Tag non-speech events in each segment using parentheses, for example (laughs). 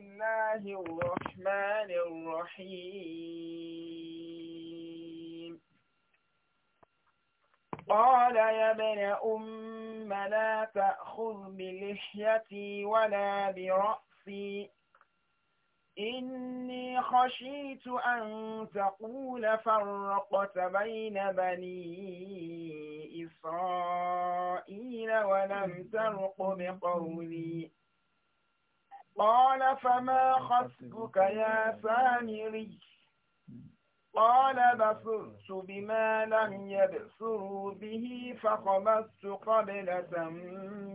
الله الرحمن الرحيم قال يا ابن أم لا تأخذ بلحيتي ولا برأسي إني خشيت أن تقول فرقت بين بني إسرائيل ولم ترق بقولي قال فما خصبك يا سامري قال بصرت بما لم يبصروا به فقبضت قبلة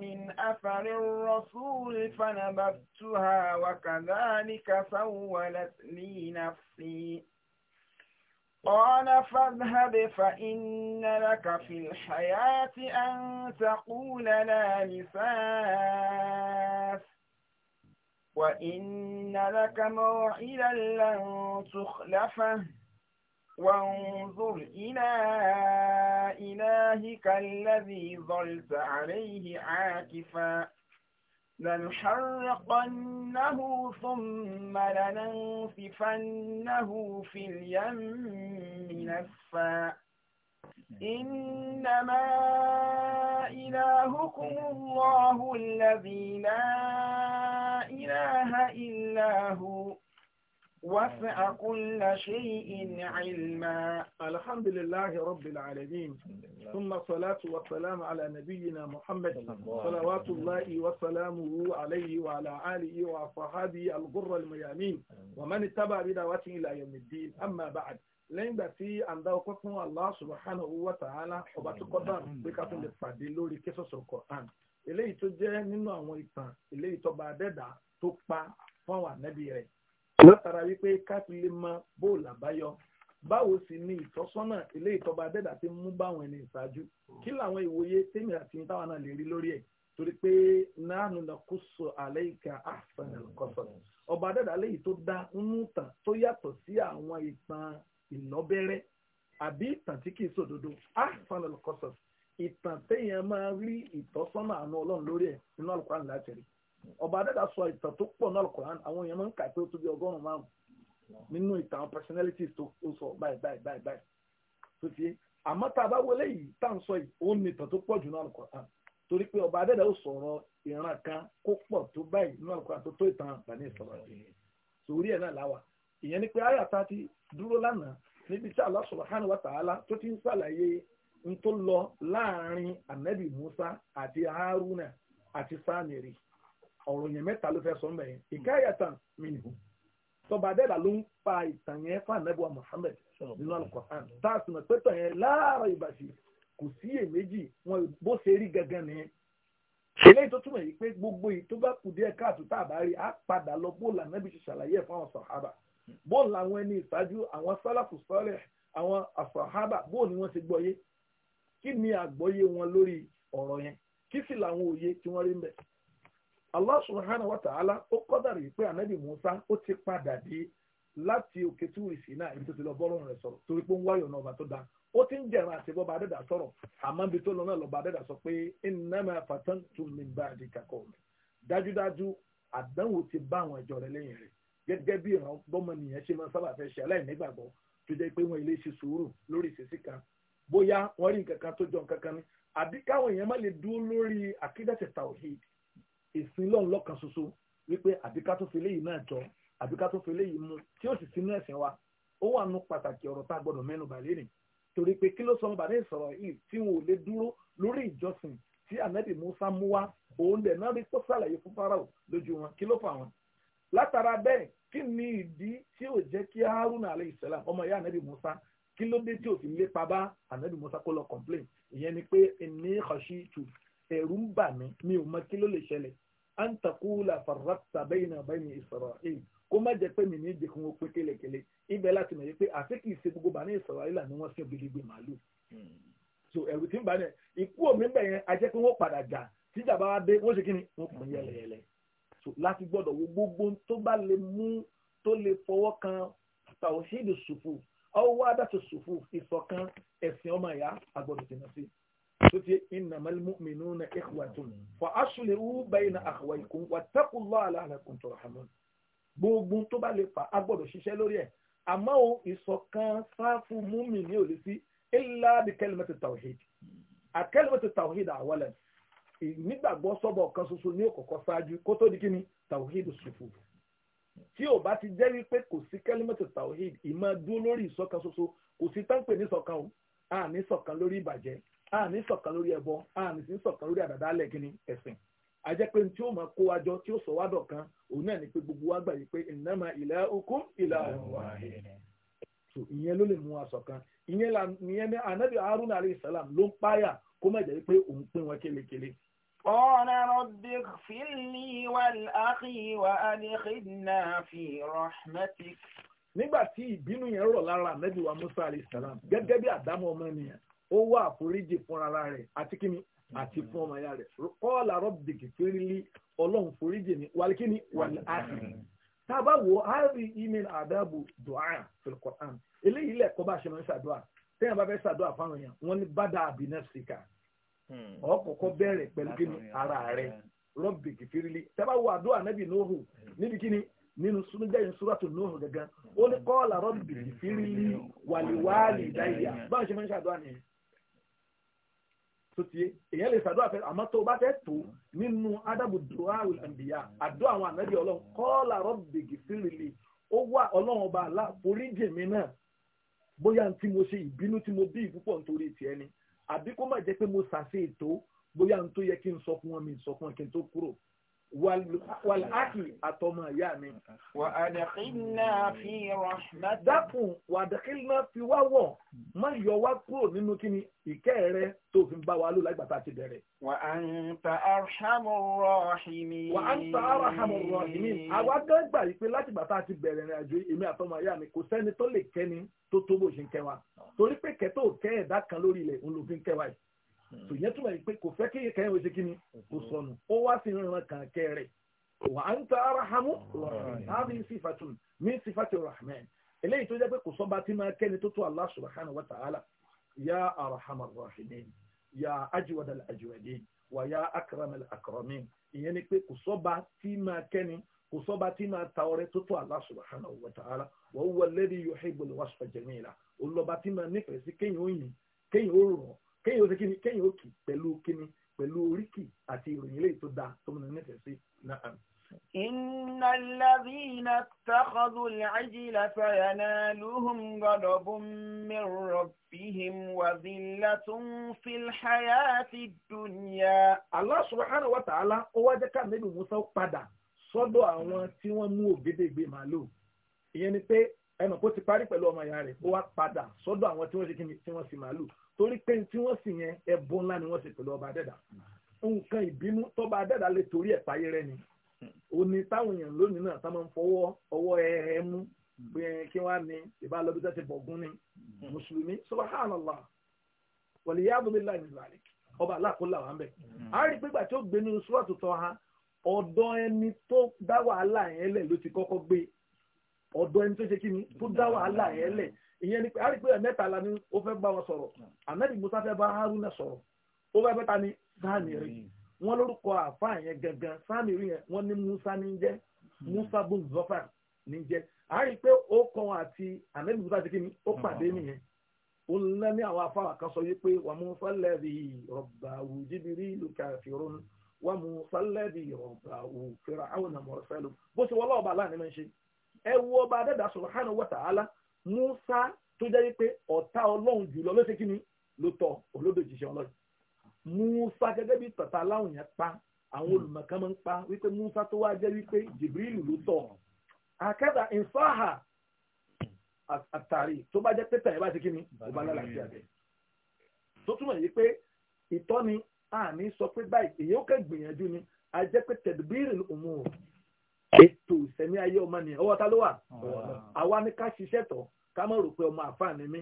من أثر الرسول فنبذتها وكذلك سولت لي نفسي قال فاذهب فإن لك في الحياة أن تقول لا نفاس وإن لك موعدا لن تخلفه وانظر إلى إلهك الذي ظلت عليه عاكفا لنحرقنه ثم لننصفنه في اليم نسفا إنما إلهكم الله الذي لا إله إلا هو وسع كل شيء علما الحمد لله رب العالمين ثم الصلاة والسلام على نبينا محمد صلوات الله وسلامه عليه وعلى آله وصحابه الغر الميامين ومن اتبع بدعوته إلى يوم الدين أما بعد lẹ́yìn ìgbà tí à ń dá ọpẹ́ fún Allah subhanahu wa ta'ala ọba tó kọ́ dà pé ká tún lè pàdé lórí késọ̀sọ̀ Quran eléyìí tó jẹ́ nínú àwọn ìtàn eléyìí tó bá dẹ́dà tó pa fún àwọn ànábì rẹ̀ látara wípé ká fi lè mọ bóòlù àbáyọ báwo sì ni ìtọ́sọ́nà eléyìí tó bá dẹ́dà ti mú báwọn ẹni ìṣáájú kí làwọn ìwòye tèmi àti táwọn náà lè rí lórí ẹ̀ torí pé nánú na kó sọ àlẹ́ ìka ahsan al-qasas ọba dẹ́dà léyìí tó dá nínú ìtàn tó yàtọ̀ sí àwọn ìtàn ìlọ́bẹ̀rẹ̀ àbí ìtàn tí kìí sòdodo ahsan al-qasas ìtàn téèyàn máa rí ìtọ́sọ́nà àánú ọlọ́run lórí ẹ̀ nínú alukoran láti rí ọba adẹ́dà sọ ìtàn tó pọ̀ nínú alukoran àwọn èèyàn máa ń kà pé ó tó bí ọgọ́rùn-ún márùn nínú ìtàn personalities tó sọ báyìí báyìí báyìí báyìí tó ti àmọ́ tá a bá wọlé yìí tá à ń sọ yìí òun ni ìtàn tó pọ̀ jù nínú alukoran torí pé ọba adẹ́dà ó sọ̀rọ̀ ìran kan kó pọ̀ tó báyìí nínú alukoran tó tó ìtàn àgbà ní ìsọ̀rọ̀ àti ìyẹn ni pé àyà tá a ti dúró lánàá níbi tí Allah subhanahu wa ta'ala tó ti ń sàlàyé n tó lọ láàrin anabi Musa àti Haruna àti Samiri ọ̀rọ̀ yẹn mẹta ló fẹ sọ mẹ́ yẹn ìkáyàtàn tọba adẹ́dà fún anabi Muhammad nínú tá a sì pé tàn wọn bó ṣe rí eléyìí tó túmọ̀ yìí gbogbo yìí tó bá kù a bá rí a padà lọ bó lànà bí ṣe ṣàlàyé bóòlù làwọn ẹni ìṣáájú àwọn sálàfù sọ́lẹ̀ àwọn àfàhábà bóòlù ni wọ́n ti gbọ́yé kí ni àgbọ́yé wọn lórí ọ̀rọ̀ yẹn kí sì làwọn òye tí wọ́n rí ń bẹ̀. Allah subhanahu wa ta'ala ó kọ́dàrí pé ànábì Musa ó ti padà dé láti òkè túwìrì sí náà ibi tó ti lọ bọ́lọ́run rẹ̀ sọ̀rọ̀ torí pé ń wáyọ̀ náà ọba tó dáa ó ti ń jẹ̀rọ àti bọ́ba adẹ́dà sọ̀rọ̀ àmọ́ ibi tó lọ náà lọ́ba adẹ́dà sọ pé innama fatantum min ba'di kaqawmi dájúdájú àdánwò ti bá àwọn ìjọ rẹ lẹ́yìn rẹ̀ gẹ́gẹ́ bí ìran bọ́mọnìyàn ṣe máa sábà fẹ́ ṣe aláìnígbàgbọ́ tó jẹ́ pé wọ́n ilé ṣe sùúrù lórí ìṣesí kan bóyá wọ́n rí nǹkan kan tó jọ nǹkan kan ní àbí káwọn èèyàn má lè dúró lórí àkídàtẹ̀ tawhid ìsìn lọ́n lọ́kan ṣoṣo wípé àbí ká tó fi léyìí náà jọ àbí ká tó fi léyìí mu tí ó sì sínú ẹ̀sìn wa ó wà nù pàtàkì ọ̀rọ̀ tá a gbọ́dọ̀ mẹ́nu bà lérìn torí pé kí ló sọ ọmọ bàdé ìsọ̀rọ̀ yìí tí wọn ò lè dúró lórí ìjọsìn tí anabi musa mú wá òun dẹ̀ náà rí tó sàlàyé fún farao lójú wọn kí ló fà wọn látara bẹ́ẹ̀ kí ni ìdí tí ò jẹ́ kí haruna alayhi salam ọmọ ìyá anabi musa kí ló dé tí ò fi lépa bá anabi musa kó lọ complain ìyẹn ni pé inni khashitu ẹ̀rù ń bà mí mi ò mọ kí ló lè ṣẹlẹ̀ an takula farraqta bayna bani isra'il kó má jẹ́ pé mi ní ìjẹkùn ó pé kélekèle ibẹ̀ láti mọ̀ yìí pé àti kì í ṣe gbogbo bani isra'il ni wọ́n sì gbèdégbè màálù so ẹ̀rù tí ń bà ní ikú òmí bẹ̀yẹn ajẹ́ pé wọ́n padà jà tíjà bá wá dé wọ́n ṣe kí ni wọ́n kàn yẹlẹyẹlẹ láti gbọ́dọ̀ wo gbogbo tó bá lè mú tó lè fọwọ́ kan tàwọ̀ṣẹ́dì ṣùfù ọwọ́ adáṣọ ṣùfù ìṣọ̀kan ẹ̀sìn ọmọ ìyá agbọ́dọ̀ jìnnà sí tó ti innamal mu'minuna ikhwatun fa aslihu bayna akhawaykum wattaqullaha la'allakum turhamun gbogbo tó bá lè fà á ṣiṣẹ́ lórí ẹ̀ àmọ́ o ìṣọ̀kan sáfù múmi ní òlẹ́sí illa bi kalimati tawhid nígbàgbọ́ sọ́bọ̀ kan ṣoṣo ní òkọ̀kọ́ ṣáájú kó tó di kíni tawhid ṣùfù tí ò bá ti jẹ́ wípé kò sí kẹ́límẹ́tì tawhid ìmọ̀ dúró lórí ìṣọ̀kan ṣoṣo kò sí tánpẹ̀ ní ṣọ̀kan o àní ṣọ̀kan lórí ìbàjẹ́ àní ṣọ̀kan lórí ẹbọ àní sí ṣọ̀kan lórí àdàdálẹ̀ kíni ẹ̀sìn ajẹ́ pé tí ó máa kó wa tí ó sọ wá dọ̀kan òun náà ni pé gbogbo wa gbà yìí pé innama ilahukum ilahun wahid ìyẹn ló lè mú wa ṣọ̀kan ìyẹn ni anabi haruna alayhi salam ló ń páyà kó má jẹ́ pé òun pín wọn kélékèlé قال رب اغفر لي والأخي وأدخلنا في رحمتك nígbà tí ìbínú yẹn rọ̀ lára ànábì wa musa alayhisalam gẹ́gẹ́ bí àdámọ́ ọmọnìyàn ó wá àforíjì fún ara rẹ̀ àti kíni àti fún ọmọ ya rẹ̀ kọ́ọ̀là rọ́bì kìfìrìlì ọlọ́run foríjì ni wàlíkíni wàlíàkì tá a bá wo harry email adabu du'a fil eléyìí lẹ́kọ́ bá ṣe máa ń ṣàdúrà téèyàn bá fẹ́ ṣàdúrà fáwọn èèyàn wọ́n ní bàdà àbínẹ́sìkà ọkọkọ hmm. bẹ̀rẹ̀ pẹ̀lú ara rẹ̀ rọ́bì kìfìrìlì tẹ́bá wo àdó nẹ́bì nóhù hmm. níbi kíni nínú sunjẹ́ ìṣúràtò nóhù gangan hmm. ó ní kọ́ọ̀là ṣe máa ń èyàn lè tó o bá fẹ́ tó nínú adabu dua ìlànbíyà àdúrà àwọn ànábì kọ́ọ̀là ó wà ọba náà bóyá tí mo ṣe ìbínú tí mo àbí kó má jẹ́ pé mo ṣàṣe ètò bóyá n tó yẹ kí n sọ fún wọn mi sọ fún wọn kí n tó kúrò wàláàkì àtọmọ ìyá mi. wà á dàkínà fi rahmat. dákun wà á dàkínà fi wá wọ̀ má yọ wá kúrò nínú kíni ìkẹ́ rẹ tó fi ń bá wa lò lágbàtà ti bẹ̀rẹ̀. wà á ń ta arhamu rahimi. wà á ń ta arhamu rahimi. àwa gán gbà yìí pé láti gbàtà ti bẹ̀rẹ̀ rìn àjò èmi àtọmọ ìyá mi kò sẹ́ni tó lè kẹ́ni tó tó bó ṣe ń kẹ́ wa torí pé kẹ́tọ́ kẹ́ ẹ̀dá kan lórí ilẹ̀ òun tòyẹ́ túmọ̀ yìí pé kò fẹ́ kéye kẹ́yìn oṣù kìíní kò mm-hmm. sọnù ó wá sí ìran kan kẹrẹ wà á ń ta arahamu láàbí sífàtún ní sífàtún rahman eléyìí tó jẹ́ pé kò sọ́ba tí máa kẹ́ni tó tó Allah subhanahu wa ta'ala ya arahamar rahimin ya ajiwadal ajiwadin wa ya akramal akramin ìyẹn ni pé kò sọ́ba tí máa kẹ́ni kò sọ́ba tí máa ta ọrẹ tó tó Allah subhanahu wa ta'ala wa huwa alladhi yuhibbul wasfa jamila olùlọ́ba tí máa nífẹ̀ẹ́ sí kéyìn ó yìn kéyìn ó rọ̀ kéyìn ó ṣe kíni kéyìn ó kì pẹ̀lú kíni pẹ̀lú oríkì àti ìròyìn lè tó dáa tó múni nífẹ̀ẹ́ sí náà. إن الذين اتخذوا العجل فينالهم غضب من ربهم وذلة في الحياة الدنيا. Allah wa ta'ala ó wá jẹ́ ká Ànábì Mùsá padà sọ́dọ̀ àwọn tí wọ́n mú ògédégbé màlúù. Ìyẹn ni pé ẹnì ti parí pẹ̀lú ọmọ ìyá rẹ̀ ó wá padà sọ́dọ̀ àwọn tí wọ́n ṣe kí ni tí wọ́n sì màlúù. torí pé tí wọ́n sì yẹn ẹ̀bùn ńlá ni wọ́n sì pẹ̀lú ọba adẹ́dà nǹkan ìbínú tọ́ba adẹ́dà lè torí ẹ̀ rẹ ni òní táwọn èèyàn lónìí náà tá ń fọwọ́ ọwọ́ mú pé kí wọ́n ní tẹ́tí bọ̀gún ni mùsùlùmí subhanallah ọba wà a rí pé ó ha ẹni tó dá wàhálà yẹn lẹ̀ ló ti kọ́kọ́ gbé ẹni tó ìyẹn ni pé a rí pé mẹ́ta la ni ó fẹ́ bá wọn sọ̀rọ̀ anabi musa fẹ́ bá haruna sọ̀rọ̀ ó fẹ́ bẹ́ta ni samiri wọn lórúkọ àfa yẹn gangan samiri yẹn wọn ní musa ní jẹ hmm. musa bun zofar ní jẹ a rí àti anabi musa ti kí ni ó pàdé hmm. nìyẹn ó lẹ́ ní àwọn afáwà kan sọ wípé wà mú sálẹ̀bì rọ̀bà wù jìbìrì ìlú kàfìrún wà mú sálẹ̀bì rọ̀bà wù fìrà àwọn àmọ̀rẹ́fẹ́lú bó ṣe wọ́n lọ́ọ̀bà láàrin máa ń ṣe ẹ wo ọba adẹ́dà subhanahu wa ta'ala Musa tó jẹ́ wípé ọ̀tá ọlọ́run jùlọ ló ṣe kí ni ló tọ̀ olódò jíṣẹ́ ọlọ́run Musa gẹ́gẹ́ bí tọ̀tà aláwọ̀ yẹn pa àwọn hmm. olùmọ̀kan máa ń pa wípé Musa tó wá jẹ́ wípé Jibril ló tọ̀ akẹ́ta ìfáhà àtàrí tó bá jẹ́ pé tẹ̀lé bá ṣe kí ni ó bá lálàáfíà bẹ́ẹ̀ tó túmọ̀ yìí pé ìtọ́ni àní sọ pé báyìí èyí ó kẹ́ gbìyànjú ni a jẹ́ pé tẹ̀dùbírì òun ò ìsẹ̀mí ayé ọmọ nìyẹn ọwọ́ ta ló wà àwa ní ká ṣiṣẹ́ tọ̀ ká mọ̀ rò pé ọmọ àfààní mi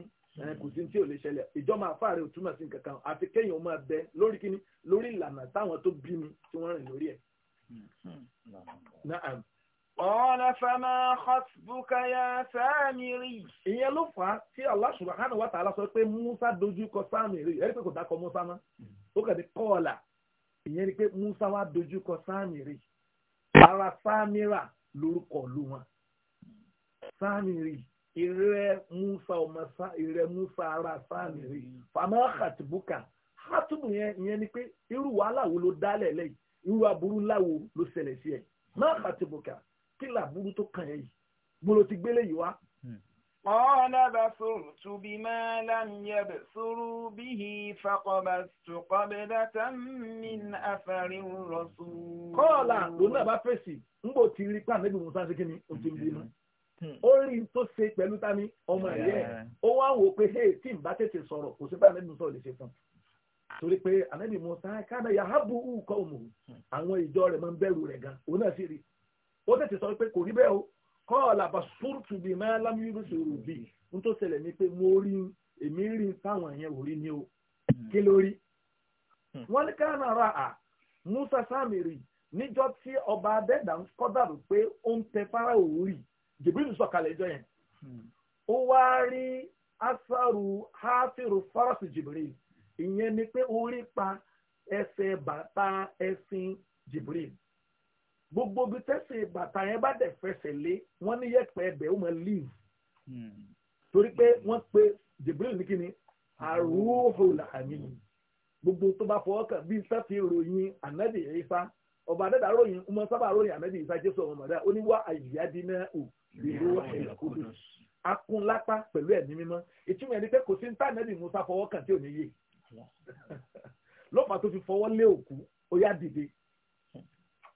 kò sí tí ò lè ṣẹlẹ̀ ìjọba àfààrẹ ò túmọ̀ sí kankan àti kéèyàn máa bẹ lórí kíní lórí ìlànà táwọn tó bí mi tí wọ́n rìn lórí ẹ̀. Ọ̀nà fama khatbuka ya Sámìrì. Ìyẹn ló fà á tí Allah subhanahu wa ta'ala sọ pé Musa dojú kọ Sámìrì. Ẹ̀rí pé kò dákọ̀ Musa mọ́. Ó kàn ní kọ́ọ̀là. Ìyẹn ni pé Musa wá dojú kọ Sámìrì. Ara Sámìrà lórúkọ ìlú wọn sáàmìrì ìrẹ musa ọmọ sá ìrẹ musa ara sáàmìrì fàmà hàtìbùkà hàtìbù yẹn ìyẹn ni pé irú wàhálà wo ló dálẹ̀ lẹ́yìn irú aburú ńlá wo ló ṣẹlẹ̀ sí ẹ̀ má hàtìbùkà kí làbúrú tó kàn yẹn yìí mo ti gbélé yìí wá hmm. قال بصرت بما لم يبصروا به فقبست قبلة من أثر الرسول قال lòun náà bá fèsì ńgbò tí rí pàǹdé bí musa ṣe kíni ó ti rí mọ rí tó ṣe pẹ̀lú tani ọmọ ẹ̀yẹ ó wáwo bá tètè torí pé musa yahabu kọ́ àwọn ìjọ rẹ̀ máa ń bẹ̀rù rẹ̀ gan tètè sọ pé kò rí bẹ́ẹ̀ o kọ́ọ̀lá bá sùúrùtù bíi máa lámúyúrú sòrò bíi n tó ṣẹlẹ̀ ni pé mo rí èmi rí táwọn yẹn ò rí ni o hmm. kí ló rí. Hmm. wọ́n ní káàná ra à Musa Samiri níjọ́ tí ọba adẹ́dà ń kọ́dàrú pé ó ń tẹ fara òórì jìbìrì sọ̀kalẹ̀ ẹjọ́ yẹn. Hmm. ó wá rí asaru hafiru farasi jìbìrì ìyẹn ni pé orí pa ẹsẹ̀ bàtà ẹṣin jìbìrì gbogbo bí tẹ́sí bàtà yẹn bá dẹ̀ fẹsẹ̀ lé wọ́n ní yẹ̀pẹ̀ ẹbẹ̀ ó máa leave hmm. torí pé hmm. wọ́n pe Jibril ní kíni àrùhùn hmm. làmì gbogbo tó bá fọwọ́ kàn bí sẹ́fì ròyìn ànábì Ìsá ọba dẹ́dà ròyìn ọmọ sábà ròyìn ànábì Ìsá Jésù ọmọ mọ̀dá ó ní wá àyíyádínà ò ìlú ẹ̀kúdù akúnlápá pẹ̀lú ẹ̀mí mímọ́ ìtumọ̀ ẹni pé kò sí níta ànábì Mùsá fọwọ́ kàn tí ò ní yé (laughs) lọ́pàá tó fi fọwọ́ lé òkú ó yá dìde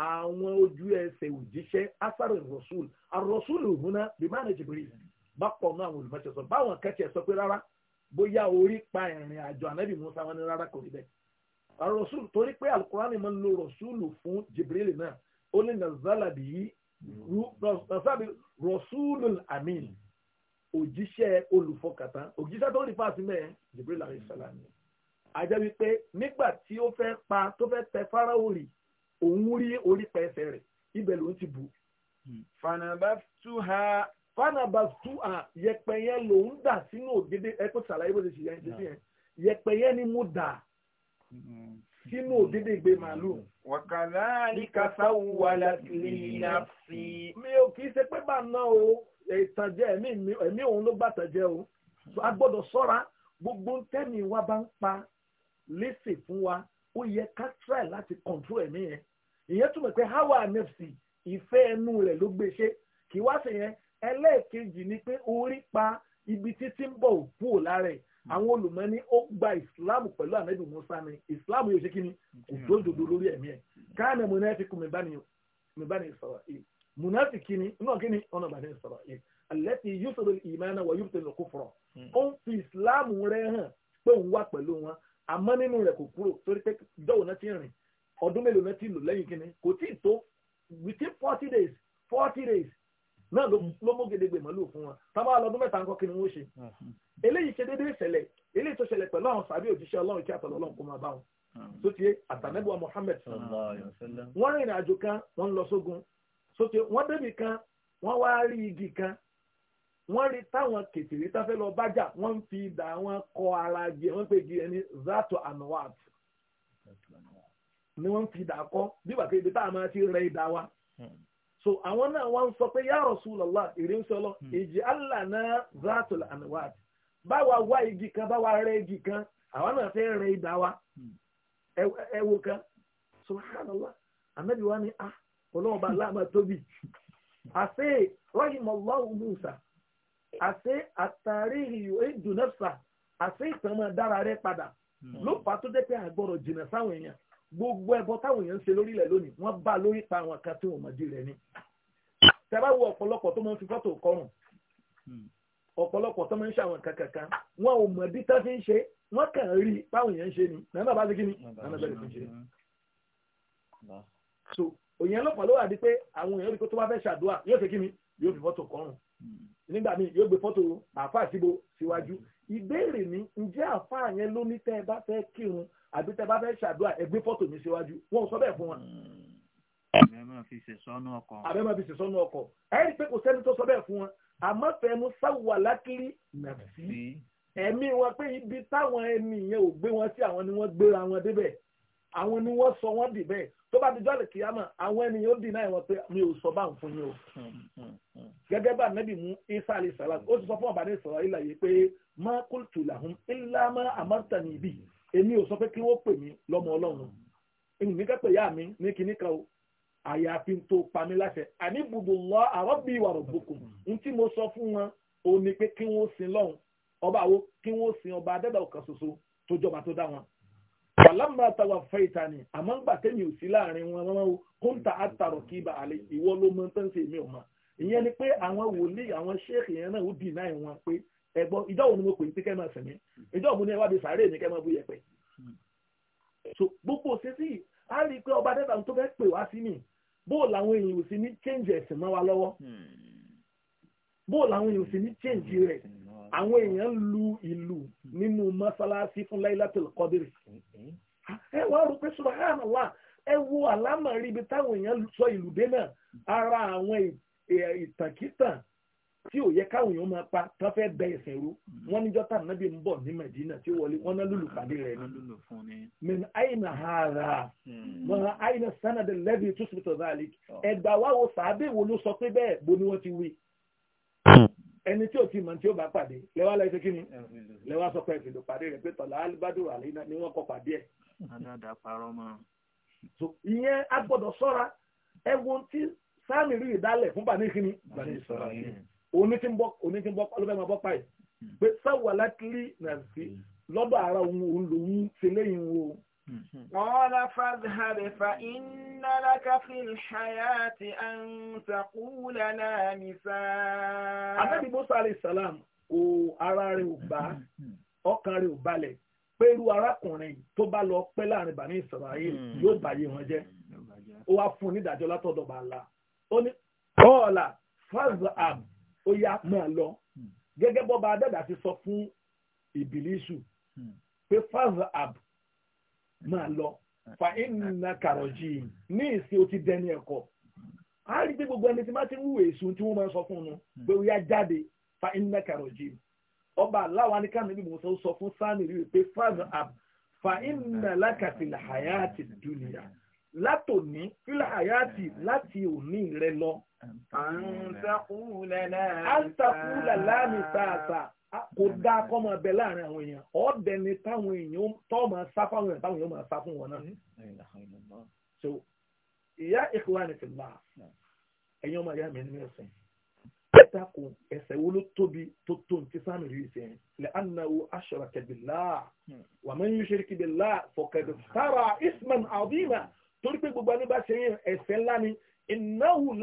àwọn ojú ẹsẹ̀ òjíṣẹ́ asaro rasul arasul òhunà bimane jibril bá pọ̀ náà àwọn olùmọ̀ṣẹ́ sọ báwọn kẹ́tì sọ pé rárá bóyá orí pa ìrìn àjò ànábì musa wọn ni rárá kò rí bẹ́ẹ̀ arasul torí pé alukurani máa ń lo rasul fún jibril náà ó ní nazalabi rasul amin òjíṣẹ́ olùfọkàtà òjíṣẹ́ tó rí fáàsì mẹ́ẹ̀ jibril alayhi salam ajẹ́ wípé nígbà tí ó fẹ́ pa tó fẹ́ tẹ fáráò rì òun rí orí pẹ̀ẹ́sẹ̀ rẹ̀ ibẹ̀ ló ń ti bù. Hmm. fanabatuha yẹpẹyẹ lòun dà sínú ògèdè ẹkọ sàlàyé bó ṣe ṣe yẹn ṣe yẹn yẹpẹyẹ ni mo dà hmm. sínú òdídé ìgbé màálù. wàkàlà àríkàtà wà láìlá sí. mi ò kì í ṣe pé bá ná o ìtànjẹ ẹ̀mí òun ló bá tànjẹ o a gbọ́dọ̀ sọ́ra gbogbo tẹ́mi wa bá ń pa léṣe fún wa ó yẹ ká try láti control ẹ̀mí yẹn ìyẹn túmọ̀ pé hawa nefsi ìfẹ́ ẹnu rẹ̀ ló gbé ṣe kì wá sí yẹn ẹlẹ́ẹ̀kejì ni pé orí pa ibi títí ń bọ̀ òkú ò lára ẹ̀ àwọn olùmọ̀ ní ó gba ìsìláàmù pẹ̀lú ànábì musa ni ìsìláàmù yóò ṣe kí ni òdòdó lórí ẹ̀mí ẹ̀ káàní munafiku mìbáni sọ̀rọ̀ yìí munafiki ni náà kí ni ọ̀nà bàdé sọ̀rọ̀ yìí allati yusru al-imana wa yubtilu al-kufra ó ń fi ìsìláàmù rẹ̀ hàn pé òun wà pẹ̀lú wọn àmọ́ nínú rẹ̀ kò kúrò torí pé dọ́wọ́ náà ti rìn ọdún mélòó náà ti lò lẹ́yìn kínní kò tí ì tó within forty days forty days náà ló mú gedegbe màlúù fún wa tábà lọ́dún mẹ́ta ńkọ́ kí ni wọ́n ṣe. Mm-hmm. eléyìí ṣe déédéé ìṣẹ̀lẹ̀ eléyìí tó ṣẹlẹ̀ pẹ̀lú àwọn sàbí òjíṣẹ́ ọlọ́run kí àtọ̀lọ́ ọlọ́run kó máa bá wọn. tó mm-hmm. ti àtànẹ́bùwà Muhammad wọ́n rìnrìn àjò kan wọ́n ń lọ sógun tó ti wọ́n débi kan wọ́n wá rí igi kan wọ́n rí táwọn kètèrè táfẹ́ lọ bájà wọ́n fi dà wọ́n kọ ara jẹ wọ́n pè igi ẹni zato anuwaat ni wọ́n fi ìdà bí bàtà hmm. so àwọn náà wọ́n sọ pé ya Rasulullah èrè ń ala na allah náà wad. anwat báwa wá igi kan báwa rẹ igi kan àwọn náà fẹ́ wa hmm. kan subhanallah anabi wa ni a ah, ọlọ́ọ̀ba aláàmà tóbi (laughs) àṣẹ rahimallahu musa àṣẹ àtàrí ìdùnnẹ́fà àṣẹ ìtàn máa dára padà hmm. ló fà tó dé pé àgbọ̀rọ̀ gbogbo ẹbọ táwọn èèyàn ń ṣe lórílẹ̀ lónìí wọ́n bá lórí pa àwọn kan tí wọ́n mọ̀dí rẹ̀ ni. tẹ́lá wo ọ̀pọ̀lọpọ̀ tó máa ń fi fọ́tò kọrùn hmm. ọ̀pọ̀lọpọ̀ tó máa ń ṣe àwọn kankan kan wọn ò mọ̀dí tá fi ń ṣe wọ́n kàn rí báwọn èèyàn ń ṣe ni nàbà bá ti kí ni nàbà bẹ̀rẹ̀ fi ń ṣe. so òyìn ọlọ́pàá ló wà di pé àwọn èèyàn rí pé tó bá fẹ́ ṣàdúrà yóò ṣe kí ni yóò fi fọ́tò kọrùn hmm. nígbà míì yóò gbé fọ́tò àáfàá síbo síwájú ìbéèrè ni ǹjẹ́ àáfàá yẹn ló ní tẹ́ ẹ bá fẹ́ kírun àbí tẹ bá fẹ́ ṣàdúrà ẹ gbé fọ́tò mi síwájú wọn ò sọ bẹ́ẹ̀ fún wọn. àbẹ́ hmm. máa fi ṣèṣọ́nù ọkọ̀. àbẹ́ máa fi ṣèṣọ́nù ọkọ̀ ẹ rí i pé kò sẹ́ni tó sọ bẹ́ẹ̀ fún wọn àmọ́ fẹ́mu sáwà lákìrí nàfí ẹ̀mí wọn pé ibi táwọn ẹni yẹn ò gbé wọn sí àwọn ni wọ́n gbéra wọn débẹ̀ àwọn ni wọ́n sọ wọ́n dì bẹ́ẹ̀ tó bá dijọ́ lè kíyàmà àwọn ènìyàn ó dì náà wọn pé mi ò sọ báwọn fún yín o. gẹ́gẹ́ bá nẹ́bì mú isa alayhi salam ó ti sọ fún ọ̀bàdàn ìsọ̀rọ̀ ilà yìí pé má qultu lahum illa ma amartani bihi èmi ò sọ pé kí wọ́n pè mí lọ́mọ ọlọ́run èmi ní kẹ́pẹ́ ìyá mi ní kinní kan o àyàfi tó pa mí láṣẹ àní gbogbo lọ àwọn bí ìwà rẹ̀ gbòkùn ní tí mo sọ fún wọn ò ní pé kí wọ́n sin lọ́run ọba àwo kí wọ́n sin ọba adẹ́dà ọ̀kan ṣoṣo tó jọba tó dá wọn. wàlámà tàwa fẹ́ ìta ni àmọ́ ńgbà tẹ́mi ò sí láàrin wọn wọn o kóńtà àtàrọ̀ kí ibà àlẹ́ ìwọ ló mọ tẹ́ǹsì mi ò mọ̀ ìyẹn ni pé àwọn wòlíì àwọn ṣéèkì yẹn náà ó dì náà wọn pé ẹgbọ́ ìjọ òun ni mo pè é pé kẹ́ máa sẹ̀mí hmm. ìjọ òun ni ẹ wá sàárè mi kẹ́ máa bú yẹpẹ̀. Hmm. so gbogbo òṣèṣì á rí i pé ọba dẹ́ta tó fẹ́ pè wá sí mi bóò làwọn èèyàn ò sí ní change ẹ̀sìn mọ́ wa lọ́wọ́ hmm. bóò làwọn èèyàn ò sí ní change rẹ̀ àwọn èèyàn lu ìlù nínú mọ́sálásí fún Lailatul Qadr ẹ wá rò pé subhanallah ẹ wo àlámọ̀rí ibi táwọn èèyàn sọ ìlù dé náà ara àwọn ìtàkìtàn tí ò yẹ káwọn èèyàn máa pa tán fẹ́ bẹ ẹ̀sìn rú mm-hmm. wọn níjọ́ tá nàbí ń bọ̀ ní Madina tí ó wọlé wọn náà lùlù pàdé aina mm-hmm. aina oh. ẹgbà wa wo sàábẹ wo ló sọ bẹ́ẹ̀ bo ni wọn ti wí. (coughs) ẹni tí ò ti tí ó bá pàdé kí ni sọ pé ìfìdó pàdé pé tọ̀lá alibadu alina ni kọ pàdé ìyẹn tí sáàmì rí fún kí onítìǹbọ onítìǹbọ olùfẹ́ máa bọ́ pa ẹ̀ pé sáwà na si lọ́dọ̀ ara òun lòun ṣe lẹ́yìn o. قال فاذهب فإن لك في الحياة أن تقول لا مساء. Ànábì Mùsá salam o ara rẹ̀ ò bá ọkàn rẹ̀ ò balẹ̀ lọ pẹ́ láàrin Bani Israel hmm. yóò wọn ó yá máa lọ hmm. gẹ́gẹ́ bọ́ba adẹ́dà ti sọ fún ìbílísù hmm. pé fáza ab máa lọ hmm. fa ìnà kàrọ̀jì ní ìsìn ó ti dẹni ẹ̀kọ́ a rí pé gbogbo ẹni tí má ti ń wúwo èso tí wọ́n máa sọ fún un pé ó yá jáde fa ìnà kàrọ̀jì ọba aláwa ní káàmì bí mo sọ fún sáà nìrí pé fáza ab fa ìnà lákàtì làhàyà àti dúnìyà látòní fílà àyàtì láti òní rẹ lọ. àǹtakùlà láàmì tààtà kò dáa kọ́ máa bẹ láàrin àwọn èèyàn ọ̀ọ́dẹ ni táwọn èèyàn tó máa sá fáwọn èèyàn táwọn èèyàn máa sá fún wọn náà. so ìyá ikhwani fillah ẹ̀yin ọmọ ìyá mi ní ẹ̀sìn dákun ẹ̀ṣẹ̀ wo ló tóbi tó tó ní sáàmì rí ìsẹ lẹ anáwó asharaka billah hmm. wa man yushrik billah fọkẹdùsára hmm. isman adima torí pé gbogbo alẹ́ bá ṣe yẹn ẹ̀ṣẹ̀ ńlá ni ìnáwó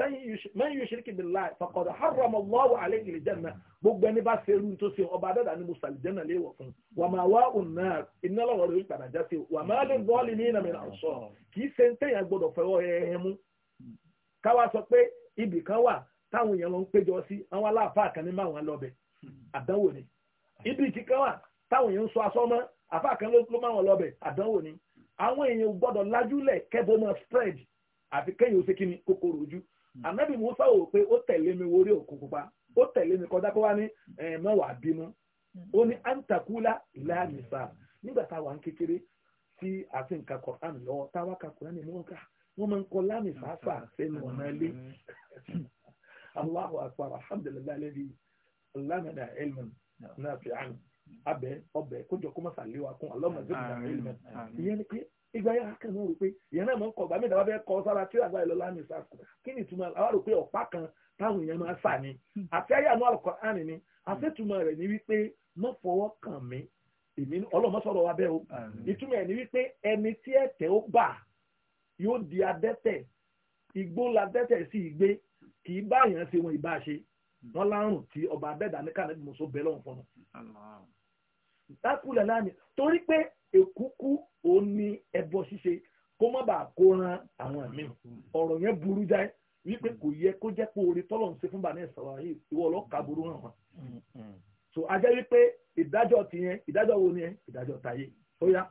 man yushrik billahi faqad harrama Allahu alayhi al-jannah gbogbo ẹni bá ṣe irú tó ṣe ọba adẹ́dà ni mo sàlìjẹ́nà léwọ̀ fún wa ma'wa'u an-nar iná lọ́rọ̀ rẹ̀ padà já sí wa ma lil-zalimina min ansar kì í ṣe ń tẹ̀yàn gbọ́dọ̀ fẹ́wọ́ ẹ̀ mú káwa sọ pé ibì kan wà táwọn èèyàn lọ ń péjọ sí àwọn aláàfáà kan ní máwọn lọ́bẹ̀ àdánwò ni ibi ìtìkan wà táwọn èèyàn ń sọ asọ́mọ́ àfáà kan ló máwọn lọ́bẹ̀ àdánwò ni àwọn èèyàn gbọ́dọ̀ lajúlẹ̀ kẹ́bọ máa spread àfi kéèyàn ó ṣe kí ni kòkòrò ojú hmm. ànábì musa wò pé ó tẹ̀lé mi wọlé òkú pupa ó tẹ̀lé mi kọjá kó wá ní mẹ́wàá bínú hmm. ó ní antakula ìlànìfà nígbà táwa ń kékeré tí a ti ń ka Quran lọ́wọ́ táwa ka Quran ní wọ́n ká wọ́n máa ń kọ́ lánìfà fà hmm. sẹ́nu ọ̀nà ilé (laughs) Allahu akbar alhamdulilayi lẹ́bi lánàdà elman náà fi àná abẹ ọbẹ kójọ kó má sàlẹ̀ wa kún alọ́mọ ẹ̀sìn ìgbà rẹ̀ lẹ̀ ìyẹn ni pé ìgbà yẹn akẹ́ náà rò pé ìyẹn náà máa ń kọ ọgbà mẹ́ta bá fẹ́ kọ sára tí àgbà ìlọlá mi sá kí ni ìtumọ̀ àwa rò pé ọ̀pá kan táwọn èèyàn máa sà ni àti ayé àánú Al-Qur'an ni àfẹ́tùmọ̀ rẹ̀ ni wípé má fọwọ́ kàn mí èmi ọlọ́mọ sọ̀rọ̀ wa bẹ́ẹ̀ o ìtumọ̀ ẹ̀ ni wípé ẹni tí ẹ̀tẹ̀ ó bà yóò di adẹ́tẹ̀ igbó la dẹ́tẹ̀ sí ìgbé kì í báyàn ṣe wọn ìbáṣe hmm. wọn lárùn tí ọba adẹ́dà ní mọ̀ṣọ́ bẹ́ẹ̀ lọ́wọ́ fọ́nà dákúlẹ̀ lánìí torí pé èkúkú òun ni ẹbọ ṣíṣe kó má bàa kó ran àwọn àmì ọ̀rọ̀ yẹn burú jáì wípé kò yẹ kó jẹ́ pé oore tọ́lọ̀ ń ṣe fún bàánẹ́ ìsọ̀rọ̀ yìí ìwọ ọlọ́ka burú hàn wọn. so a jẹ́ wípé ìdájọ́ tiyẹn ìdájọ́ wo ni ẹ ìdájọ́ tayé ó yá.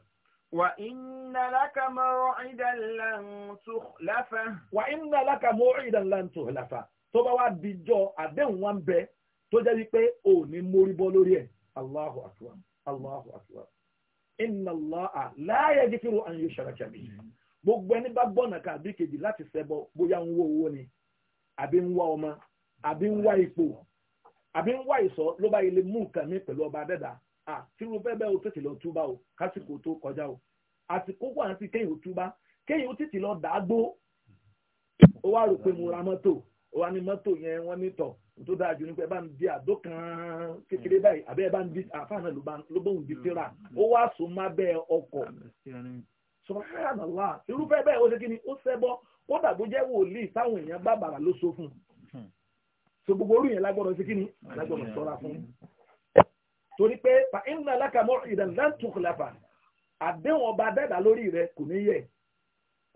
wà iná lákà mọ́ ìdánláńtò láfa. wà iná lákà mọ́ ìdánláńtò láfa tó bá wá dijọ́ àdéhùn wa ń bẹ tó jẹ́ wípé ò ní mórí bọ́ lórí ẹ̀ Allahu akbar. Allahu akbar inna Allah la yaghfiru an yushraka bihi gbogbo ẹni bá gbọ́nà ká àbí kejì láti ṣẹbọ bóyá ń owó ni àbí ń wá ọmọ àbí ń wá ipò àbí ń wá ìsọ ló bá ilé mú nǹkan mi pẹ̀lú ọba adẹ́dà à bẹ́ẹ̀ o tètè lọ túbá o kásìkò tó kọjá o àsìkò wà láti kéyìn o túbá kéyìn o tètè lọ dàgbó o wá rò pé mo ra mọ́tò o wá tó dáa jù ní pé bá ń di àdó kan kékeré hmm. báyìí àbẹ́ bá ń di àfáà náà ló bóun di hmm. tíra ó wá sùn má bẹ́ẹ̀ ọkọ̀ subhanallah irúfẹ́ bẹ́ẹ̀ ó ṣe kí ni ó ṣẹbọ kódà bó jẹ́ wòlíì táwọn èèyàn bá bàrà ló so fún hmm. so gbogbo orí yẹn lágbọ́dọ̀ ṣe kí ni lágbọ́dọ̀ sọ́ra fún torí pé fa inna laka mọ́ ìdánilá àdéhùn ọba dẹ́gbà lórí rẹ kò ní yẹ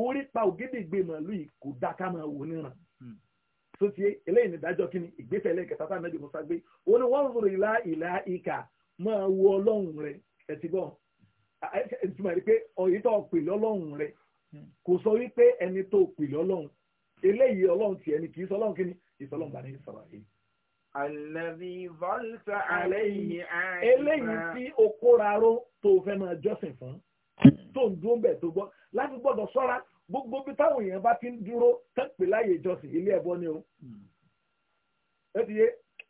orí pa ògédègbè màálù yìí kò dá ká máa wò níran hmm. tó ti eléyìí nídájọ́ kí ni ìgbésẹ̀ lẹ́ẹ̀kẹta tá ànábì Musa gbé ó wọ́n rò ìlà ìlà ìkà máa wo ọlọ́run rẹ ẹtì bọ́ ìtumọ̀ rí pé ọ̀yìn pè lọ́lọ́run rẹ hmm. kò sọ wípé ẹni tó pè lọ́lọ́run eléyìí ọlọ́run tiẹ̀ ni kì í sọ kí ni ìsọlọ́run bá ní sọ̀rọ̀ yìí. Àlẹ́bí Vọ́lta àlẹ́yìí àìsàn. Eléyìí tí o kóra ró tó fẹ́ máa jọ́sìn fún, tó ń dúró bẹ̀ tó gbọ́, láti gbọ́dọ̀ sọ́ra gbogbo bí táwọn èèyàn bá ti ń dúró tẹ́pẹ́ láyè ìjọsìn ilé ẹ̀bọ ni o. Hmm. ẹ ti yé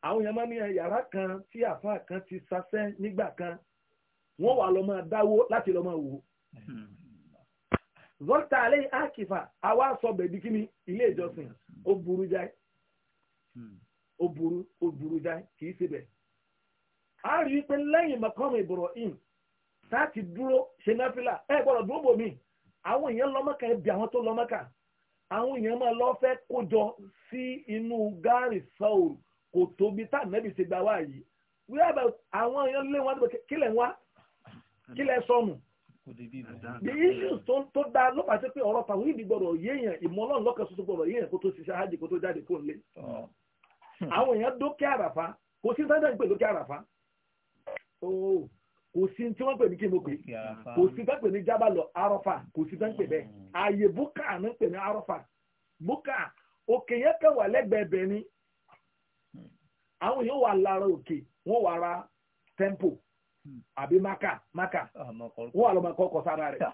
àwọn èèyàn máa ní yàrá kan tí àfa kan ti sasẹ́ nígbà kan wọ́n wà lọ́ máa dáwó láti lọ́ máa wò ó. zọ́tà alẹ́ àkìfà àwa sọ bẹ̀ẹ́dì kí ni ilé ìjọsìn ó burú jáì hmm. ó burú ó burú jáì kì í a rí i pé lẹ́yìn mọ́kànlá Ibrahim tá a ti dúró ṣe náfìlà ẹ gbọ́dọ̀ dúró bò míì àwọn èèyàn lọ Mẹ́kà ẹbí àwọn tó lọ Mẹ́kà àwọn èèyàn máa lọ fẹ́ kójọ sí inú gárì sọ́ọ̀rù kò tóbi tá nẹ́bí ṣe gba wá yìí wíwá bẹ àwọn èèyàn lé wọn kílẹ̀ wá kílẹ̀ sọnù the issues tó tó dá ló pàṣẹ pé ọ̀rọ̀ tàwọn ìdí gbọ́dọ̀ yéèyàn ìmọ̀lọ́run lọ́kàn ṣoṣo gbọ́dọ̀ yéèyàn kó tó ṣiṣẹ́ hajj kó tó jáde kó lé àwọn èèyàn dókè àràfá kò sí sáńdà ń pè dókè àràfá kò sí tí wọ́n pè ní kí mo pè kò sí tán pè ní jábàlọ̀ arọ́fà kò sí tán pè bẹ́ẹ̀ mm. ààyè búkà ní pè ní arọ́fà búkà òkè yẹn kàn wà lẹ́gbẹ̀ẹ́ ni mm. àwọn yóò wà lára òkè wọ́n wà ra tẹ́ḿpù mm. àbí maka ah, maka wọ́n wà lọ́mọ kọ́kọ́ sára rẹ̀ ah,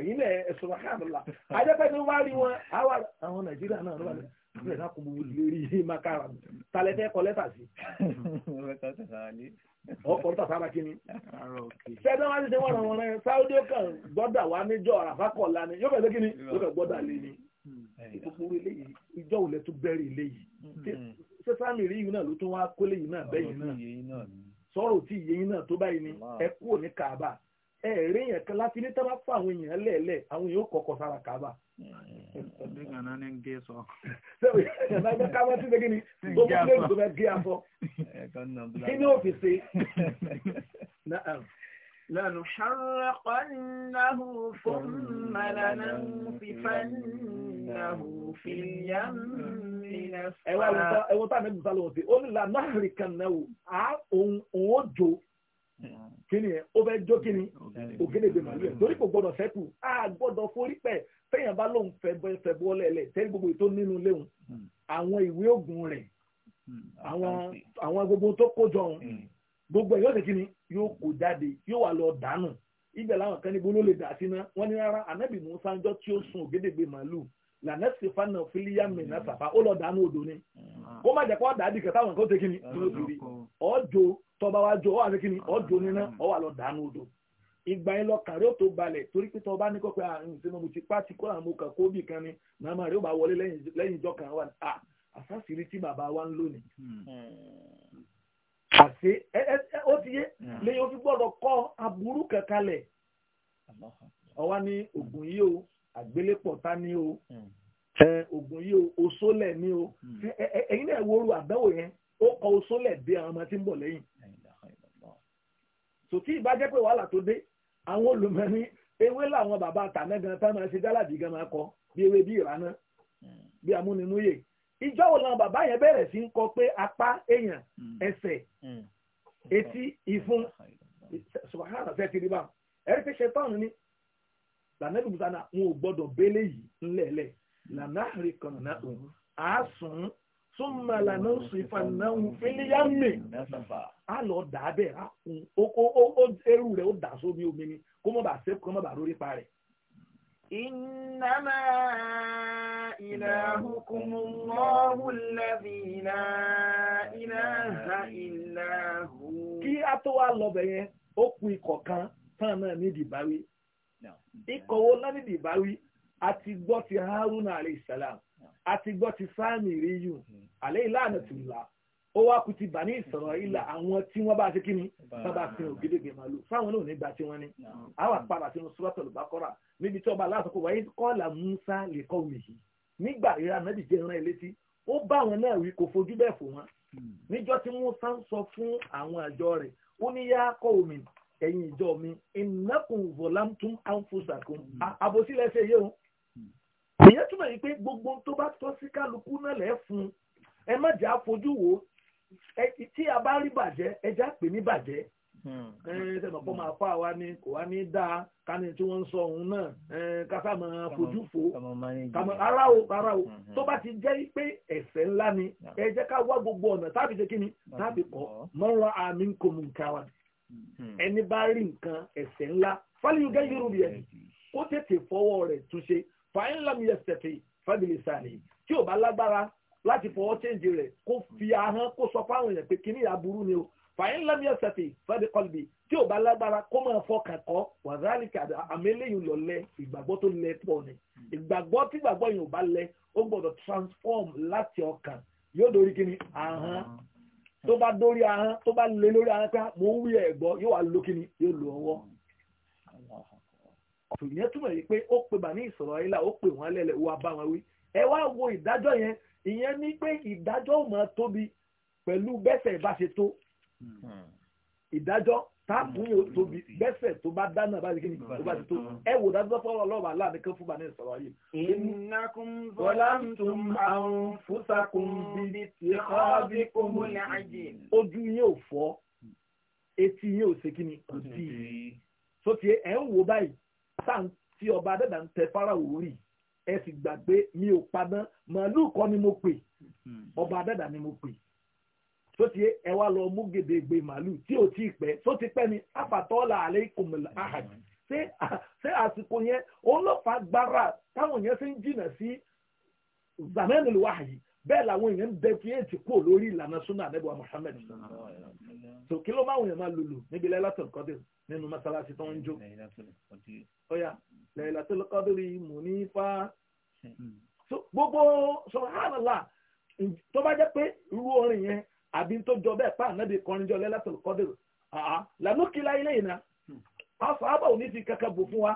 èyí lẹ̀ ẹ̀sùn wà kàn lọ́la ajẹ́pẹ́ ni wọ́n á rí wọn àwọn nàìjíríà náà lọ́wọ́ rẹ̀ bẹ́ẹ̀ náà kò mú lérí maka rà tálẹ́tẹ́ kọ́ lẹ́tà sí. (laughs) ọkọ̀ tó sára kí ni. sẹ́dọ̀ máa ń ṣe wọ́n àwọn ọ̀rẹ́ sáúdí kan gbọ́dà wá níjọ́ àràfà kọ̀ọ̀la ni yóò fẹ́ kí ni yóò fẹ́ gbọ́dà lé ni. Hmm. ìkókòrò eléyìí ìjọ òun lẹ tún bẹ́rẹ̀ eléyìí. Hmm. ṣé sáàmì rí yìí náà ló tún wá kólé yìí náà bẹ́yìí náà sọ̀rọ̀ tí ìyẹn yìí náà tó báyìí ni ẹ kúrò ní kàába ẹ rí yẹn kan láti ní tábà fún àwọn èèyàn lẹ́ẹ̀lẹ́ àwọn èèyàn kọ̀ọ̀kọ̀ sára kàába Bí gànà ní gé sọ. Ṣé ìgbà káwọ́ sí gẹ́gẹ́ ni tó bá lè tó bá gé afọ? Kí ni ó fi ṣe? لنحرقنه ثم لننصفنه في اليم ẹ wá ẹwọ tá a nẹbi sálọ ọsẹ ó ní la náírà kan náà wò á òun ó jó kíni ẹ ó fẹ́ jó kíni ògèlè bẹ màlúù ẹ torí kò gbọ́dọ̀ ṣẹ́kù á gbọ́dọ̀ forí pẹ téèyàn bá lóun fẹ́ bọ́ lẹ́lẹ̀ tẹ́lẹ̀ gbogbo ètò nínú léwu hmm. àwọn ìwé ògùn rẹ̀ hmm. àwọn gbogbo tó kó jọ òun hmm. gbogbo ẹ̀ yóò ṣe kí ni yóò kó jáde yóò wà lọ dànù ibẹ̀ làwọn kan níbo ló lè dà sí náà wọ́n ní rárá anábì musa ń jọ́ tí ó sun ògédègbè màálùú lànà sèfánà fílíyà mìíràn sàfà ó lọ dànù odò ni kó má jẹ́ kó wà dàdí kẹta àwọn kan ó ṣe ni ọjọ́ tọba wa jọ ọ wà ṣe ni ọjọ́ níná ọ wà lọ dànù odò ìgbà ịlọ lọ kàrí ò tó balẹ̀ torí pé ọba ní kọ́kọ́ àrùn ìsinmi mo ti pàtì kó ah, àwọn ọkọ̀ kó ni màmá wọlé lẹ́yìn ìjọ kan wà á ah, rí tí bàbá wa ń lò ní. Hmm. àṣé ó ti yé hmm. lẹ́yìn ó fi gbọ́dọ̀ kọ́ aburú ní yìí o àgbélépọ̀ ta ni o hmm. yìí o ni o ẹ̀yin náà kọ dé àwọn ọmọ tí ń bọ̀ lẹ́yìn. sòtí ìbá wàhálà tó dé àwọn olùmọ̀ni ewé làwọn bàbá àtàná gan tá máa ṣe jálàbí gan máa kọ bí ewé bí ìrànà bí amúnimúyè ìjọ wo làwọn bàbá yẹn bẹ̀rẹ̀ sí ń kọ pé apá èèyàn hmm. ẹsẹ̀ hmm. etí ìfun subahana fẹ́ ti rí bá ẹ̀rí pé ṣetán ni lànàbí musa náà wọn ò gbọ́dọ̀ bẹ́lẹ̀ yìí ńlẹ̀ẹ́lẹ̀ lànà àríkànnà àásùn súnmọ́ ìlànà ìsìnfà náà fílíyàmì á lọ dà á bẹ́ẹ̀ á kun ó eru rẹ̀ ó dà sómi omi ni kó mọ̀ bá sẹ́kù kó mọ̀ bá lórí pa rẹ̀. إنما إلهكم الله الذي لا إله إلا هو kí a tó wá lọ bẹ̀yẹn ó kù ikọ̀ kan tán náà ní dìbáwí ikọ̀ wo náà ní dìbáwí gbọ́ ti Haruna alayhi salam a ti gbọ́ ti sáàmì rí yù hmm. àlẹ́ ìlànà tó la ó wá kú ti bà ní ìsọ̀rọ̀ ìlà àwọn tí wọ́n bá ṣe kí ni bàbá fi hàn gédégbé màálù fáwọn náà nígbà tí wọ́n ní àwọn hmm. àpàrà sínú suratul Baqara níbi tí ọba aláàtọ̀ kò wáyé kọ́ọ̀là Musa lè kọ́ omi yìí nígbà ìra nàbì jẹ́ ìran ìlétí ó bá àwọn náà wí kò fojú bẹ́ẹ̀ fò wọ́n hmm. níjọ́ tí Musa ń sọ fún àwọn àjọ rẹ̀ ó ní yá kọ́ omi ẹ̀yin ìjọ mi ìnákùn vọ̀lámtún àǹfọ̀sàkùn àbòsílẹ̀ ṣe yé wọn ìyẹn túmọ̀ yìí pé gbogbo tó bá tọ́ sí kálukú náà lẹ́ fún ẹ má jẹ́ àfojú wo tí a bá rí bàjẹ́ ẹ já pè ní bàjẹ́ sẹ́mi hmm. kọ́ máa fà wá ní kò wá ní dáa kání tí wọ́n ń sọ òun náà kásá máa fojú fo ara o ara o hmm, hmm. tó bá ti jẹ́ pé ẹ̀ṣẹ̀ ńlá ni ẹ jẹ́ ká wá gbogbo ọ̀nà tábì ṣe kíni tábì kọ́ mọ́ra àmì ń kòmù nǹkan wa ẹni bá rí nǹkan ẹ̀ṣẹ̀ ńlá fálíyù gẹ́gẹ́ rúbi ẹ̀ kó tètè fọwọ́ rẹ̀ túnṣe fàáyín lámì ẹsẹ̀tì fẹ́bìlì sàní tí ò bá lágbára láti fọwọ́ chẹ́ǹjì rẹ̀ kó fi ahọ́n kó sọ fáwọn èèyàn pé kíní aburú ni o fàáyín lámì ẹsẹ̀tì fẹ́bì kọlbì tí ò bá lágbára kó máa fọkàn kọ́ wàzálì kàdà àmẹ́lẹ́yìn lọ́lẹ́ ìgbàgbọ́ tó lẹ pọ̀ ni ìgbàgbọ́ tí ìgbàgbọ́ yìí ò bá lẹ ó gbọ́dọ̀ transform láti ọkàn yóò dorí kíní ahọ́n tó bá dórí ahọ́n tó bá lé lórí ahọ́n pé ah, mo ń wí ẹ̀gbọ́ yóò wá lókíní yóò lò ọwọ́ ọ̀tún ìyẹn túmọ̀ yìí pé ó pe bàní ìsọ̀rọ̀ ayé là ó pè wọ́n lẹ́lẹ̀ wọ́n bá wọn wí ẹ wá wo ìdájọ́ yẹn ìyẹn ní pé ìdájọ́ ò máa tóbi pẹ̀lú bẹ́sẹ̀ bá ṣe tó hmm. ìdájọ́ táàbùn yóò tóbi hmm. bẹ́sẹ̀ tó bá dáná bá ṣe hmm. tó bá ṣe tó ẹ wò dájọ́ fọlọ́ lọ́wọ́ aláàbí kan fún bàní ìsọ̀rọ̀ ayé. innakum zalamtum anfusakum bíi ti kọ́bí kòmùnì ti ẹ̀ tí ọba dẹ́dà ń tẹ fáráwò rí ẹ sì gbàgbé mi ò paná màálù kọ́ ni mo pè ọba dẹ́dà ni mo pè tó ti ẹ wá lọ mú gèdègbè màálù tí ò tí ì pẹ́ tó ti pẹ́ ni àfàtọ́lá àlẹ́ ìkòmọ̀lá àhàjì ṣé àsìkò yẹn olófàá gbára táwọn yẹn fi ń jìnà sí zamẹ́nìlú bẹ́ẹ̀ làwọn èèyàn ń dẹ́tíyèétì kúrò lórí ìlànà súnà àdẹ́bùwà Muhammad so kí ló máa ń yàn máa lulù níbi Lailatul Qadr nínú mọ́sálásí tó ń jó ọ̀yà Lailatul Qadr mò ní fa so gbogbo subhanallah tó bá jẹ́ pé irú orin yẹn àbí tó jọ bẹ́ẹ̀ pa ànábì kọrin jọ Lailatul Qadr lànàkìlá ilé yìí na àwọn àbá ò ní fi kankan bò fún wa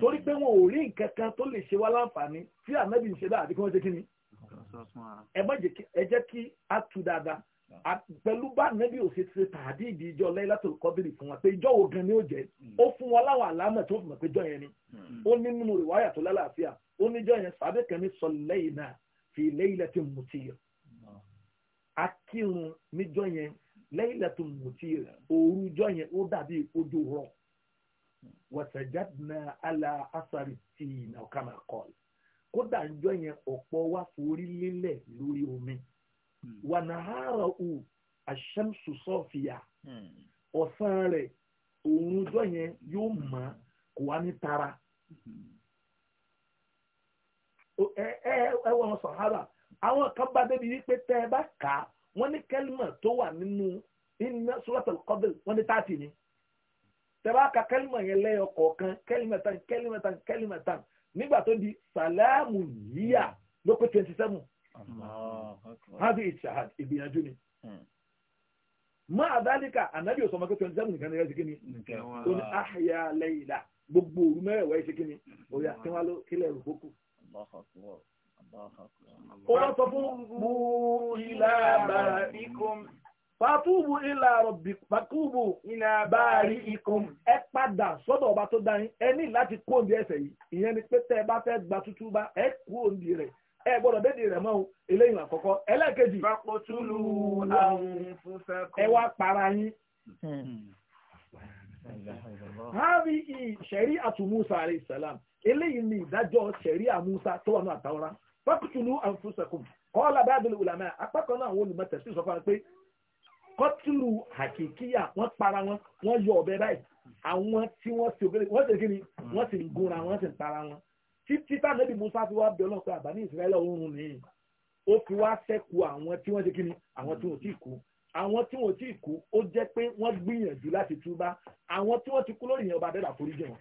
torí pé wọn ò rí nǹkan kan tó lè ṣe wá láǹfààní tí ànábì ń ẹ jẹ́ kí a tu dáadáa pẹ̀lú bá nẹ́bí ò ṣe ṣe tàdí ìdí ìjọ Laylatul Qadri fún wa pé ìjọ wo gan ni ó jẹ́ hmm. ó fún wa láwọn àlámọ̀ tó fi mọ̀ pé jọ yẹn ni hmm. ó ní nínú rìwáyà tó lálàáfíà ó níjọ yẹn sábẹ́ kan ní sallayna fi laylatin mutir hmm. akírun níjọ yẹn laylatul mutir òru jọ yẹn ó dàbí ojú rọ wa sajadna kódà njọ́ yẹn ọ̀pọ̀ wa forí lélẹ̀ lórí omi wànàhárà ù àṣẹmùsù sọ́ọ̀fìyà ọ̀sán rẹ̀ òun njọ́ yẹn yóò mọ̀ kó wá ní tara hmm. ẹ ẹ ẹ wọ́n sàhábà àwọn kan bá débi wípé tẹ́ ẹ bá kà á wọ́n ní kẹ́límà tó wà nínú iná suratul qadr wọ́n ní táàtì ni tẹ́ bá ka kẹ́límà yẹn lẹ́yọ kọ̀ọ̀kan kẹ́límà tán kẹ́límà tán kẹ́límà tán nígbà tó di sàlámù yíyà ló pé twenty seven hadi ishahad ìgbìyànjú ni hmm. má àdálíkà ànábì ò sọ ọmọ pé twenty seven nìkan ní rẹ ṣe kí ni ó ní àhìyà lẹ́yìnlá gbogbo òru mẹ́rẹ̀ẹ̀wá ṣe kí ni òyà kí wọ́n ló kílẹ̀ rò kókò. ó lọ sọ fún mú ilá bàbá fàtúbù ila rọ̀bì fàtúbù iná báàrí ikom ẹ padà sọdọ ọba tó dání ẹ ní láti yìí ìyẹn ni pé tẹ́ ẹ bá fẹ́ gba tútú bá ẹ kú òǹdí rẹ̀ ẹ gbọ́dọ̀ dédìí rẹ̀ mọ́ o eléyìí àkọ́kọ́ ẹlẹ́ẹ̀kejì. fakotulu àwọn fúnfẹ́kọ. ẹ wá para yín. hábi eléyìí ni ìdájọ́ tó wà ní àtàwọn àwọn kọ́tìlù àkìkíyà wọ́n para wọn wọ́n yọ ọ̀bẹ báyìí àwọn tí wọ́n sì òbẹ̀rẹ̀ wọ́n sì kíni wọ́n sì ń gúnra wọ́n sì ń para wọn títí tá nẹ́bí musa fi wá bẹ̀ ọlọ́pàá àbá ní ìsirẹ́lẹ̀ òórùn ni ó fi wá sẹ́kù àwọn tí wọ́n ṣe kíni àwọn tí wọ́n ti kú àwọn tí wọ́n ti kú ó jẹ́ pé wọ́n gbìyànjú láti túbá àwọn tí wọ́n ti kú lórí yẹn ọba adẹ́dà forí jẹ wọn.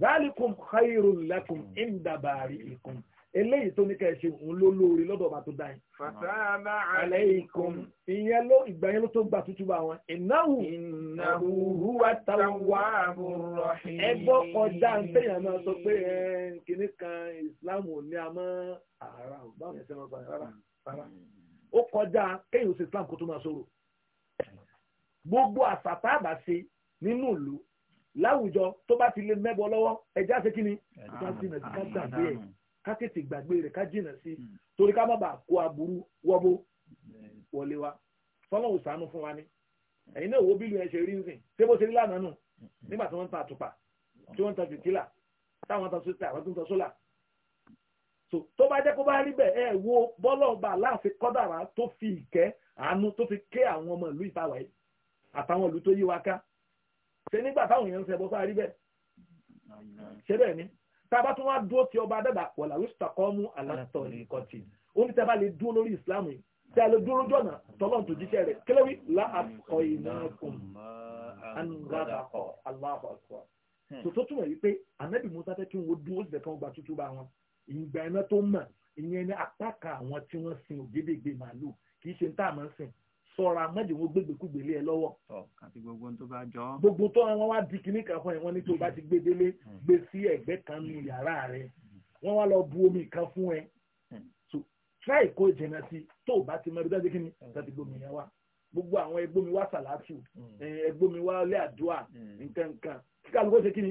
zalikum khairul lakum inda bari'ikum eléyìí tó ní ká ẹ ṣe òun ló lóore lọ́dọ̀ ọba tó dá yín. fataba aleikum. ìyẹn ló ìgbà yẹn ló tó gba tútù bá wọn. ìnáwó. ìnáwó huwa tawwabur rahim. ẹ gbọ́ kọjá ntẹ̀yàn máa sọ pé kìnnì kan ìsìláàmù ò ní a mọ́ ara ò báwọn ẹ̀sẹ̀ máa sọ rárá rárá. ó kọjá kéèyàn ṣe islam kó tó máa sọ̀rọ̀. gbogbo àṣà tá a bá ṣe nínú ìlú láwùjọ tó bá ti lé mẹ́bọ lọ́wọ́ ẹ̀já ká tètè gbàgbé rẹ̀ ká jìnà sí hmm. torí ká má bàa kó aburú wọ́bó hmm. wọlé wa fọlọ́wọ́ sànú fún wa ní ẹ̀yin náà wo bílù ẹ̀ ṣe rí nsìn ṣé bó ṣe rí lánàá nù hmm. nígbà tí wọ́n ń ta àtùpà tí wọ́n ń ta fìtílà táwọn ta sóta àwọn tó ń ta sólà so tó bá jẹ́ kó bá rí bẹ́ẹ̀ ẹ wo bọ́lọ̀ bá láàfin kọ́dàrà tó fi ìkẹ́ àánú tó fi ké àwọn ọmọ ìlú ìtawà yìí àtàwọn ìlú tó yí wa ká ṣe nígbà táwọn èèyàn ń ṣẹbọ sáà rí bẹ́ẹ̀ ṣe bẹ́ẹ̀ ni tába tó wá dúró ti ọba dẹ́dà wọ̀là wíṣítà kọ́ mú alátọ̀ nìkọ̀tì ó ní tába lè dúró lórí ìsìlámù yìí tí a lè dúró lójú ọ̀nà tọ́lọ́ tó jíṣẹ́ rẹ̀ kílẹ̀wí láàkọ̀ ìnákùn anúgbàdàkọ̀ aláàbọ̀ tòótọ́ túmọ̀ yìí pé anábì musa fẹ́ kí wọ́n dúró síbẹ̀ kí wọ́n gba tútù bá wọn ìgbà iná tó mọ̀ ìyẹn ní apá kan àwọn tí wọ́n sin ògédègbè màálù kì í ṣe ní táà máa ń sìn sọ̀rọ̀ àmọ́jì wọn gbégbékúgbé lé ẹ lọ́wọ́. àti gbogbo tó bá jọ. gbogbo tó wọn wá di kíní kan fún ẹ wọn ní tó bá ti gbé délé hmm. gbé sí ẹ̀gbẹ́ kan nu yàrá rẹ wọn wá lọ bu omi kan fún ẹ hmm. so try kó jẹnà sí tó o bá ti mọ ibi dájú kíní láti gbómi yẹn wá gbogbo àwọn ẹgbó mi wá sàlátù hmm. eh, ẹgbó mi wá lé àdúrà nǹkan nǹkan kíkà ló ṣe kíní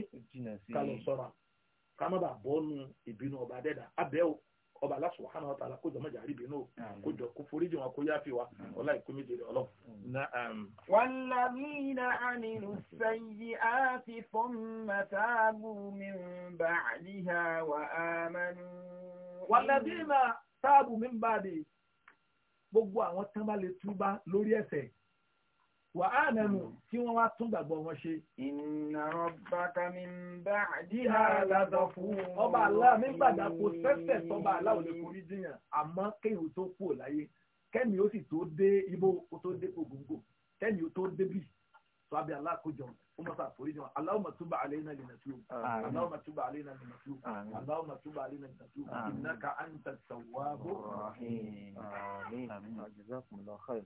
kálọ̀ sọ̀rọ̀ ká má bàa bọ́ nu ìbínú ọba dẹ́dà abẹ́ ọba Allah subhanahu wa ta'ala kó jọ mọ́jà àríbì náà kó jọ kó foríjì wọn kó yá fi wa ọlá ìkú méje rẹ̀ ọlọ́. wàlàmínà àmìlú sẹ́yí á ti fún màtàbù mi bá àdíhà wà á mẹ́nu. wàlàmínà táàbù mi bá dé gbogbo àwọn tán bá lè túbá lórí ẹ̀ṣẹ̀ wà á mẹ́nu tí wọ́n wá tún gbàgbọ́ wọn ṣe. inna rabbaka min ba'diha laghafurun. ọba àlá mi gbàgbà kó sẹ́sẹ̀ tọ́ba àlá ò lè forí jiyàn àmọ́ kéwòn tó kú ò láyé kẹ́mi ó sì tó dé ibo ó tó dé gbogbo kẹ́mi ó tó débì sọ́bí alákòjọ́ ọmọta àforíjọ́ aláwọ̀mọ̀ túbà àlẹ́yìn náà lè nà túbà aláwọ̀mọ̀ túbà àlẹ́yìn náà lè nà túbà aláwọ̀mọ̀ túbà àlẹ́yìn náà lè nà túbà ìnáka àǹtà sàwábò.